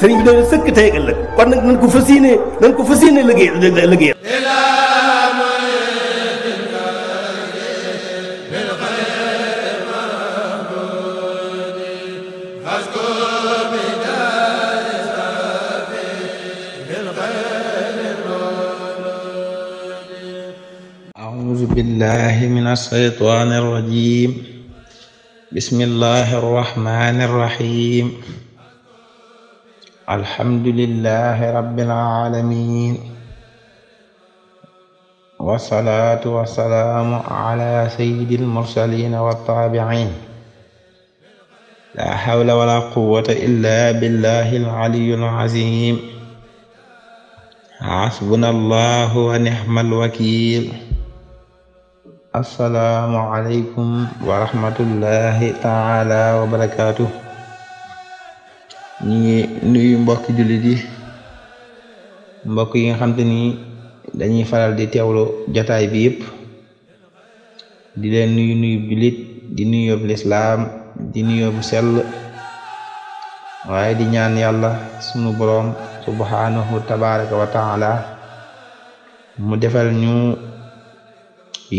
sëriñ bi dañu sëkk tey ëllëg kon nag nañ ko fas yéene nañ ko fas yéene liggéey liggéey بالله من الشيطان الرجيم بسم الله الرحمن الرحيم alhamdulillahi rabbil alamin wasalaatu wasalaamu ala sayyidil mursaliin wa taabi'iin laa hawla wala quwwata illaa billaahil aliyyil aziim hasbunallaahu wa ni'mal wakiil assalaamu aleykum wa rahmatullaahi ta'aalaa wa barakaatuh ñu ngi nuyu mbokki jullit yi mbokk yi nga xam te ni dañuy faral di teewlu jataay bi yëpp di leen nuyu nuyu jullit di nuyu bu lislaam di nuyu bu sell waaye di ñaan yàlla sunu boroom subhanahu tabaraka mu defal ñu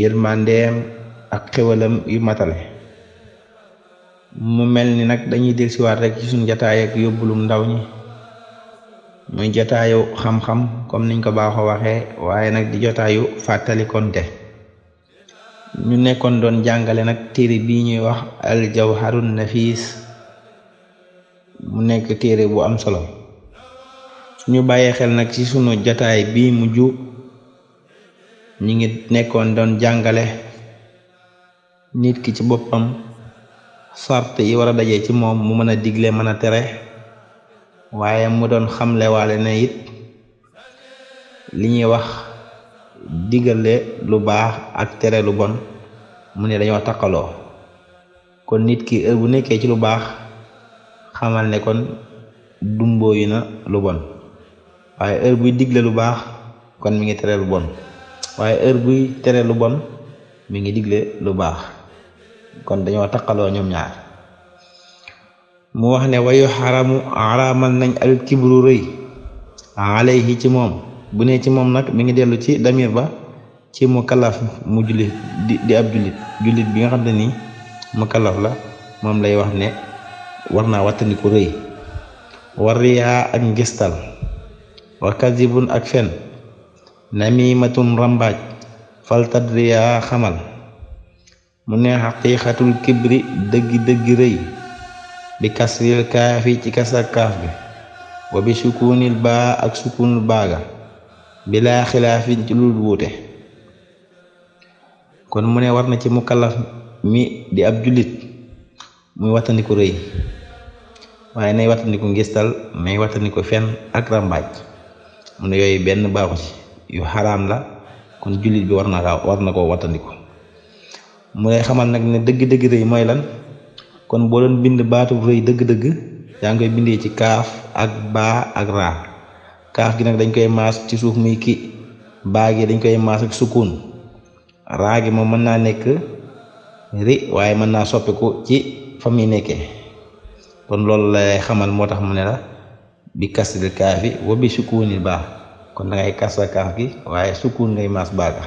yërmandeem ak xewalam yu matale mu mel ni nag dañuy dellusiwaat rek ci suñu jataay ndaw ñi muy jotaayu xam comme niñ ko baaxoo waxee waaye nag di jotaayu fàttali konte ñu nekkoon doon jàngale nag téere bii ñuy wax al jawharun nafis mu nekk téere bu am solo suñu bàyyee xel nag ci sunu jataay bii mujj ñi ngi nekkoon doon jàngale nit ki ci boppam sart yi war a dajee ci moom mu mën a digle mën a tere waaye mu doon xamle na it li ñuy wax diggale lu baax ak tere lu bon mu ne dañoo takkaloo kon nit ki heure bu nekkee ci lu baax xamal ne kon dumboo na lu bon waaye heure buy digle lu baax kon mu ngi tere lu bon waaye heure buy tere lu bon mi ngi digle lu baax kon dañoo taqaloo ñoom ñaar mu wax ne wayu xaramu xaraamal nañ alkibru rëy alayhi ci moom bu ne ci moom nag mi ngi dellu ci damir ba ci mu kalaf mu jullit di ab jullit jullit bi nga xam ne ni mu kalaf la moom lay wax ne war naa wattandiku rëy war riyaa ak ngistal wa kazibun ak fen namimatun rambaaj faltad riyaa xamal mu ne xaqiiqatul kibri dëggi dëggi rëy bi kasril kaafi ci kasar kaaf bi wa bi sukunil baa ak sukunul baaga bilaa xilaafin ci lu wuute kon mu ne war na ci mukallaf mi di ab jullit muy wattandiku rëy waaye nay wattandiku ngistal nay wattandiku fenn ak ràmbaaj mu ne yooyu benn baaxu ci yu xaraam la kon jullit bi war na war na koo wattandiku mu lay xamal nag ne dëgg-dëgg rëy mooy lan kon boo doon bind baatu rëy dëgg-dëgg yaa ngi koy bindee ci kaaf ak baa ak raa kaaf gi nag dañ koy maas ci suuf muy ki baa gi dañ koy maas ak sukkuun raa gi moom mën naa nekk ri waaye mën naa soppiku ci fa muy nekkee kon loolu lay xamal moo tax mu ne la bi kasril kaafi wa bi sukkuunil baa kon da kaaf gi waaye sukkuun ngay maas baa ga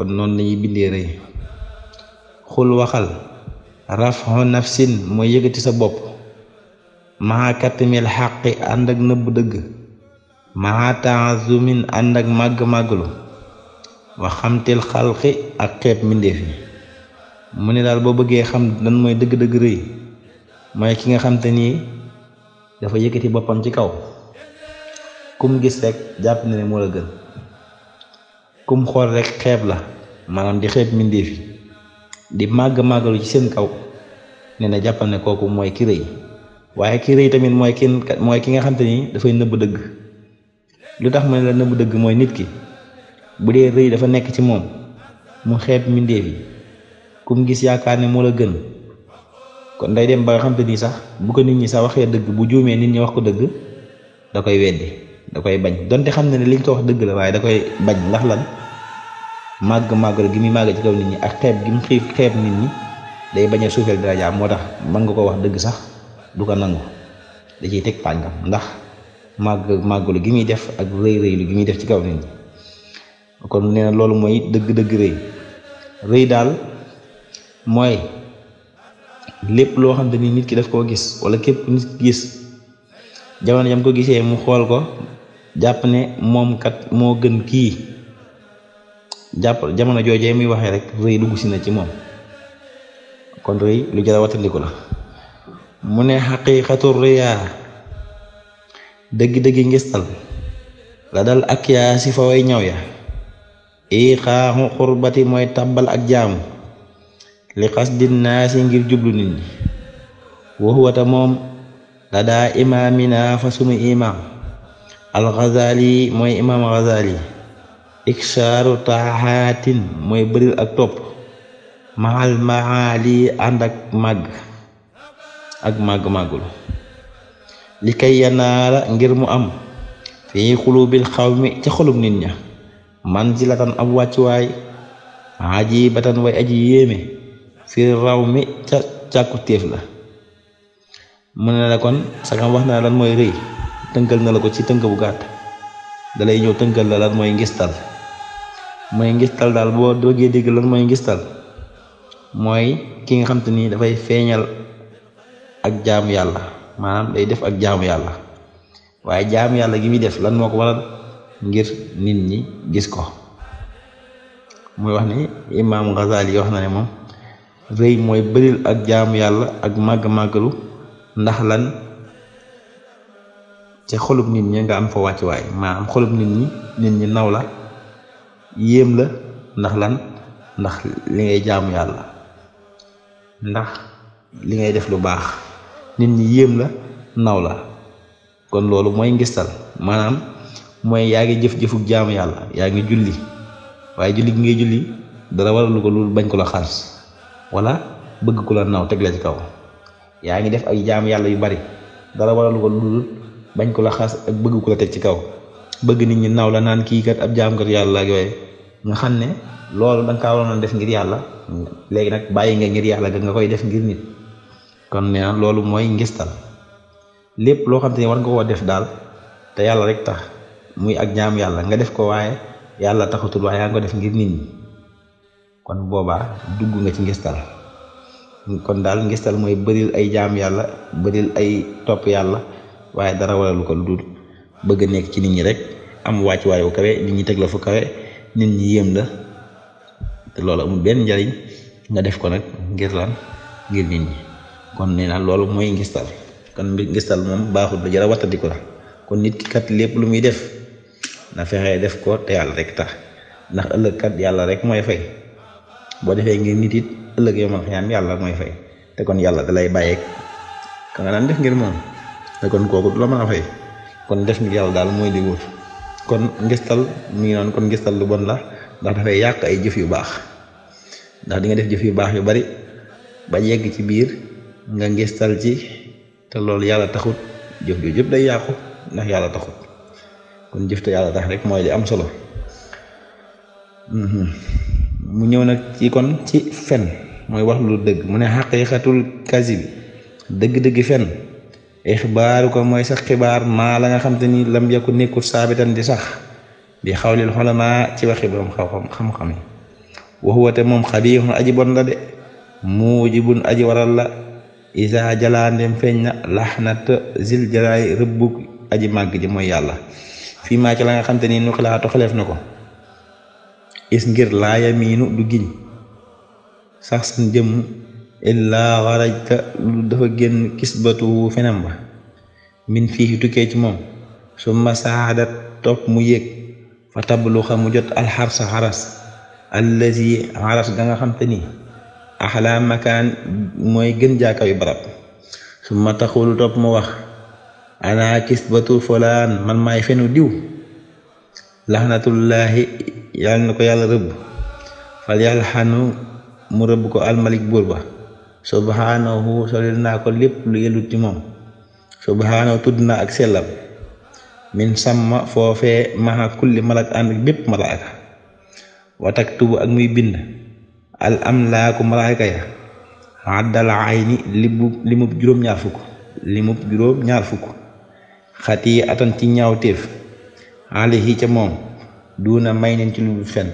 kon noonu lañuy bindee rëy xul waxal rafu nafsin mooy yëkkati sa bopp maa katamil xaqi ànd ak nëbb dëgg maa taazumin ànd ak màgg-màgglu waxamtil xalqi ak xeeb mbindeef yi mu ne daal boo bëggee xam dan mooy dëgg-dëgg rëy mooy ki nga xam te nii dafa yëkkati boppam ci kaw kum gis rek jàpp na ne moo la gën kum xool rekk xeeb la maanaam di xeeb mbindéef yi di màgg-màggalu ci seen kaw nee na jàppal ne kooku mooy ki rëy waaye ki rëy tamit mooy ki mooy ki nga xam te ni dafay nëbb dëgg lu tax mu ne la nëbb dëgg mooy nit ki bu dee rëy dafa nekk ci moom mu xeeb mbindéef yi kum gis yaakaar ne moo la gën kon day dem ba nga xam te ni sax bu ko nit ñi sax waxee dëgg bu juumee nit ñi wax ko dëgg da koy weddi da koy bañ donte xam na ne liñ ko wax dëgg la waaye da koy bañ màgg màggal gi muy màgg ci kaw nit ñi ak xeeb gi mu xiif xeeb nit ñi day bañ a suufeel darajaam moo tax mën nga ko wax dëgg sax du ko nangu da ciy teg pàngam ndax màgg màggalu gi muy def ak rëy rëylu gi muy def ci kaw nit ñi kon nee loolu mooy dëgg-dëgg rëy rëy daal mooy lépp loo xam te ni nit ki daf koo gis wala képp nit ki gis jamono jam ko gisee mu xool ko jàpp ne moom kat moo gën kii jàpp jamono joojee muy waxe rek rëy dugg si na ci moom kon rëy lu jar la mu ne xaqiiqatu riyaa dëgg-dëggi ngistal la dal ak yaa si fa way ñaw ya iqaaxu xurbati mooy tàbbal ak jaamu li xasdi naasi ngir jublu nit ñi waxuwata moom la daa imaamina fa sunu imaam al Ghazali mooy imaam Ghazali iksaaru taxaatin mooy bëril ak topp maxal maxaali ànd ak màgg ak màgg-màggul li kay yanaala ngir mu am fii xulubil xawmi ca xolub nit ña man manzilatan ab wàccuwaay ajibatan way aji yéeme fi raw mi ca càkku téef la mu ne la kon sagam wax na lan mooy rëy tënkal na la ko ci tënk bu gàtt dalay ñëw tënkal la lan mooy ngistal mooy ngistal daal boo bëggee dégg lan mooy ngistal mooy ki nga xam te ni dafay feeñal ak jaamu yàlla maanaam day def ak jaamu yàlla waaye jaamu yàlla gi muy def lan moo ko waral ngir nit ñi gis ko mooy wax ni imaam Ghazali wax na ne moom rëy mooy bëril ak jaamu yàlla ak màgg-màggalu ndax lan ci xolub nit ñi nga am fa wàccuwaay maanaam xolub nit ñi nit ñi naw la yéem la ndax lan ndax li ngay jaamu yàlla ndax li ngay def lu baax nit ñi yéem la naw la kon loolu mooy ngistal maanaam mooy yaa ngi jëf jëfuk jaamu yàlla yaa ngi julli waaye julli gi ngay julli dara waralu ko loolu bañ ko la xas wala bëgg ku la naw teg la ci kaw yaa ngi def ak jaamu yàlla yu bari dara waralu ko loolu bañ ko la xas ak bëgg ku la teg ci kaw bëgg nit ñi naw la naan kii kat ab jaamkat yàlla ak yooyu nga xam ne loolu da nga kaa waroon def ngir yàlla léegi nag bàyyi nga ngir yàlla nga koy def ngir nit kon loolu mooy ngistal lépp loo xam ne war nga def daal te yàlla rek tax muy ak jaam yàlla nga def ko waaye yàlla taxutul waaye yaa def ngir nit ñi kon boobaa dugg nga ci ngistal kon daal ngistal mooy bëril ay jaam yàlla bëril ay topp yàlla waaye dara waralu ko lu bëgg nekk ci nit ñi rek am wàcc waayu kawe nit ñi teg la fu kawe nit ñi yéem la te loolu amul benn njariñ nga def ko nag ngir lan ngir nit ñi kon nee naa loolu mooy ngistal kon ngistal moom baaxul ba jara wattandiku la kon nit ki kat lépp lu muy def na fexee def ko rek tax ndax ëllëg yàlla rek mooy fay boo defee ngir nit it ëllëg yàlla mooy fay kon yàlla dalay bàyyeeg ka ngir moom te kon kooku la mën a fay kon def ni yàlla daal mooy li wóor kon ngistal mi ngi noonu kon ngistal lu bon la ndax dafay yàq ay jëf yu baax ndax di nga def jëf yu baax yu bari ba yegg ci biir nga ngistal ci te loolu yàlla taxut jëf ju jëpp day yàqu ndax yàlla taxut kon jëf te yàlla tax rek mooy di am solo mhm. mu ñëw nag ci kon ci fen mooy wax lu dëgg mu ne xaqiiqatul kasi bi dëgg-dëgg fen ixbaaru ko mooy sax xibaar maa la nga xam te ni lam yakku nekkul saabitan di sax bi xawlil xolama ci waxi borom xam-xam yi waxuwa te moom xabiixun aji bon la de muujibun aji waral la isa jalaandem feeñ na laxnat zil jalaay rëbbug aji màgg ji mooy yàlla fii maa ci la nga xam te ni nu xalaatu xaleef na ko is ngir laaya miinu du giñ sax san jëmm illaa xarajta lu dafa génn kisbatuhu fenam ba min fii tukkee ci moom su ma saadat topp mu yéeg fa tablu xam mu jot alxarsa xaras allazi xaras ga nga xam te ni axlaa makaan mooy gën jaakawi barab su ma taxulu topp mu wax ana kisbatu folaan man maay fenu diw laxnatullaahi yàlla na ko yàlla rëbb fal yàlla xanu mu rëbb ko almalik buur ba subhaanahu solil naa ko lépp lu yellu ci moom subhaanahu tudd naa ak sellam min sàmma foofee maxa kulli malak ànd bépp malaaka wataktubu ak muy bind al amlaaku malaaka ya àddal ayni limub limub juróom-ñaar fukk juróom-ñaar fukk xati atan ci ñaawteef alayhi ca moom duuna may neen ci lu fen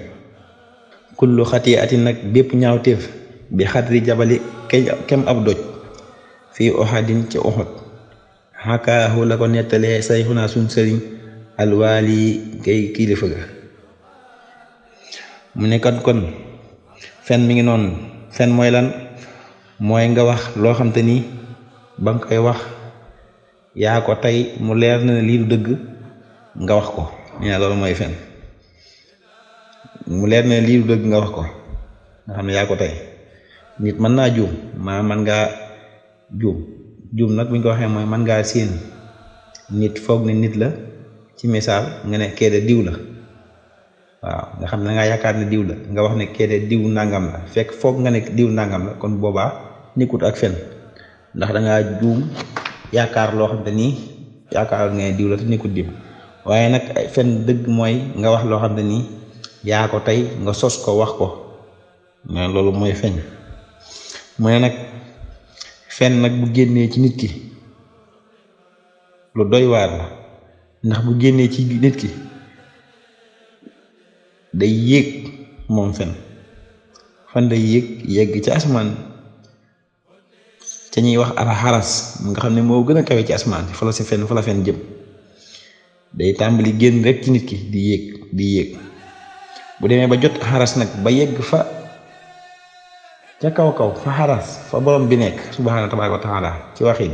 kullu xati ati nag bépp ñaawteef bi xadri jabali kem ab doj fii oxadin ca oxot xakaahu la ko nettalee sayxuna suñ sëriñ alwaali kay kilifa ga mu ne kat kon fen mi ngi noonu fen mooy lan mooy nga wax loo xam te ni ba nga koy wax yaa ko tey mu leer na lii dëgg nga wax ko loolu mooy fen mu leer na ne lii du dëgg nga wax ko nga xam ne yaa ko tey nit mën naa juum maanaam mën ngaa juum juum nag bu ñu ko waxee mooy man ngaa séen nit foog ne nit la ci misaal nga ne keede diw la waaw nga xam ne dangaa yaakaar ne diw la nga wax ne keede diw nangam la fekk foog nga ne diw nangam la kon boobaa nekkut ak fen ndax dangaa juum yaakaar loo xam te nii yaakaar nga ne diw te nekkut diw waaye nag fen dëgg mooy nga wax loo xam te nii yaa ko tey nga sos ko wax ko loolu mooy feñ mu ne nag fen nag bu génnee ci nit ki lu doy waar la ndax bu génnee ci nit ki day yéeg moom fen fan day yéeg yegg ci asmaan ca ñuy wax mu nga xam ne moo gën a kawe ci asmaan fa la fen jëm day tàmbali génn rek ci nit ki di yéeg di yéeg bu demee ba jot xaras nag ba yegg fa ca kaw kaw fa xaras fa borom bi nekk subhaana tabaaraka wa taala ci waxin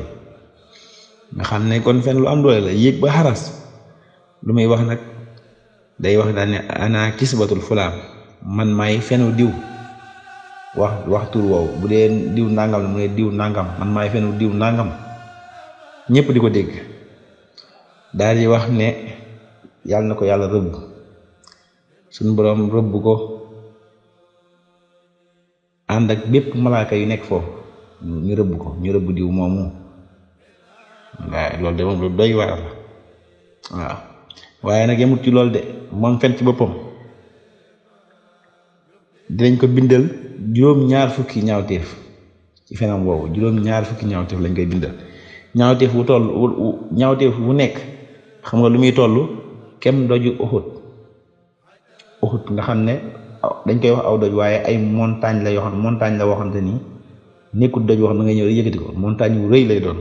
nga xam ne kon fen lu am doole la yéeg ba xaras lu muy wax nag day wax daal ne ana kisbatul fulaam man maay fenu diw wax waxtur woow bu dee diw nangam la mu ne diw nangam man maay fenu diw nangam ñépp di ko dégg daal di wax ne yàlla na ko yàlla rëbb suñu borom rëbb ko ànd ak bépp malaaka yu nekk foofu ñu rëbb ko ñu rëbb diw moomu waaye loolu de moom lu doy waar waaw waaye nag yamut ci loolu de moom fen ci boppam dinañ ko bindal juróom-ñaar fukki ñaawteef ci fenam woowu juróom-ñaar fukki ñaawteef lañ koy bindal ñaawteef wu toll ñaawteef wu nekk xam nga lu muy toll kem doju uxut uxut nga xam ne dañ koy wax aw doj waaye ay montagne la yoo xam montagne la te ni nekkut doj wax da nga ñëw di yëkkati ko montagne rëy lay doon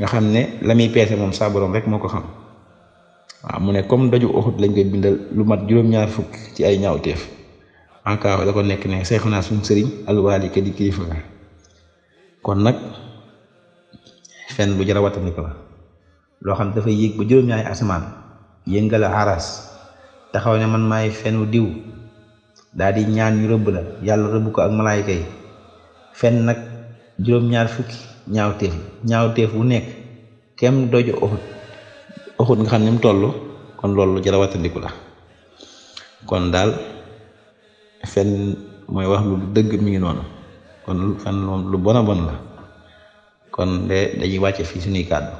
nga xam ne la muy peese moom saa rek moo ko xam waaw mu ne comme doju Uhud lañ koy bindal lu mat juróom-ñaar fukk ci ay ñaawteef anka la ko nekk ne seexu naa suñ sëriñ alwaali ka di kilifa la kon nag fen lu jar a la loo xam dafay yéeg ba juróom-ñaari asamaan yëngala aras taxaw ne man maay fenu diw daa ñaan ñu rëbb la yàlla rëbb ko ak malaayka yi fenn nag juróom-ñaar fukki ñaawteef bu nekk kem doj oxut oxut nga xam ni mu toll kon loolu jara wattandiku la kon daal fen mooy wax lu dëgg mi ngi noonu kon fen moom bona bon la kon de dañuy wàcce fii suñuy kàddu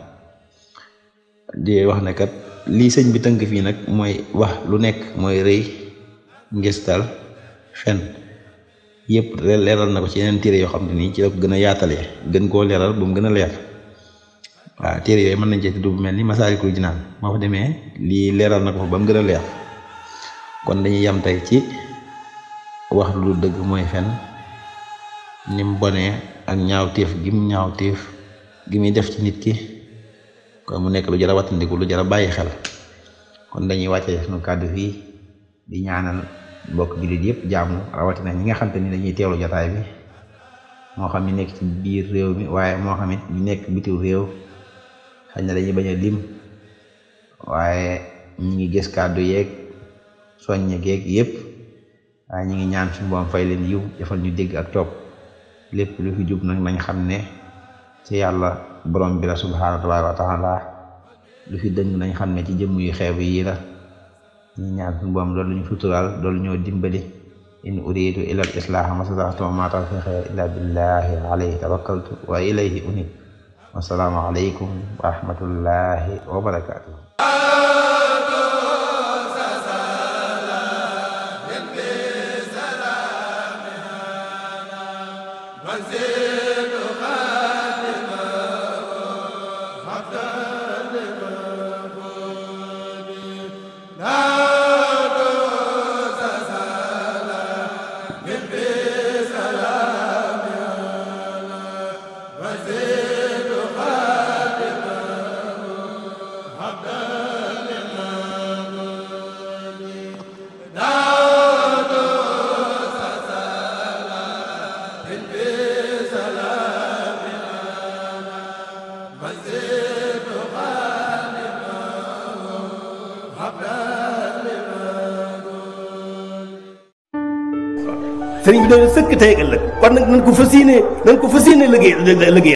di wax ne lii sëñ bi tënk fii nag mooy wax lu nekk mooy rëy ngistal fen yëpp leeral na ko ci yeneen téere yoo xam ne nii ci la ko gën a yaatalee gën koo leeral ba mu gën a leer waaw téere yooyu mën nañ cee tudd bu mel ni ma Masaalikul Jinaan moo fa demee lii leeral na ko fa ba mu gën a leer kon dañuy yam tey ci wax lu dëgg mooy fen ni mu bonee ak ñaaw téef gi mu ñaaw téef gi muy def ci nit ki kon mu nekk lu jar a wattandiku lu jar a bàyyi xel kon dañuy wàcce sunu kàddu fii di ñaanal mbokk jullit yëpp jàmm rawatina ñi nga xam ni dañuy teewlu jotaay bi moo xam ñu nekk ci biir réew mi waaye moo xamit it nekk bitim réew xëy na dañuy bañ a lim waaye ñu ngi gis kàddu yeeg soññe geeg yépp waaye ñu ngi ñaan suñu boom fay leen yiw jëfal ñu dégg ak topp lépp lu fi jub nag nañ xam ne ci yàlla borom bi la subhaanahu wa lu fi dëng nañ xam ne ci jëmm yu xeebu yi la ñu ñaan suñu boom loolu ñu suturaal loolu ñoo dimbali in uridu ila al islaaha masataxtu ma tawfiqi illa billahi alayhi tawakkaltu wa ilayhi unib wasalaamu alaykum wa rahmatullahi wa barakatuh sëriñ bi dañu sëkk tey ëllëg war nañ ko fas yéenee nañ ko fas yéenee liggéey liggéey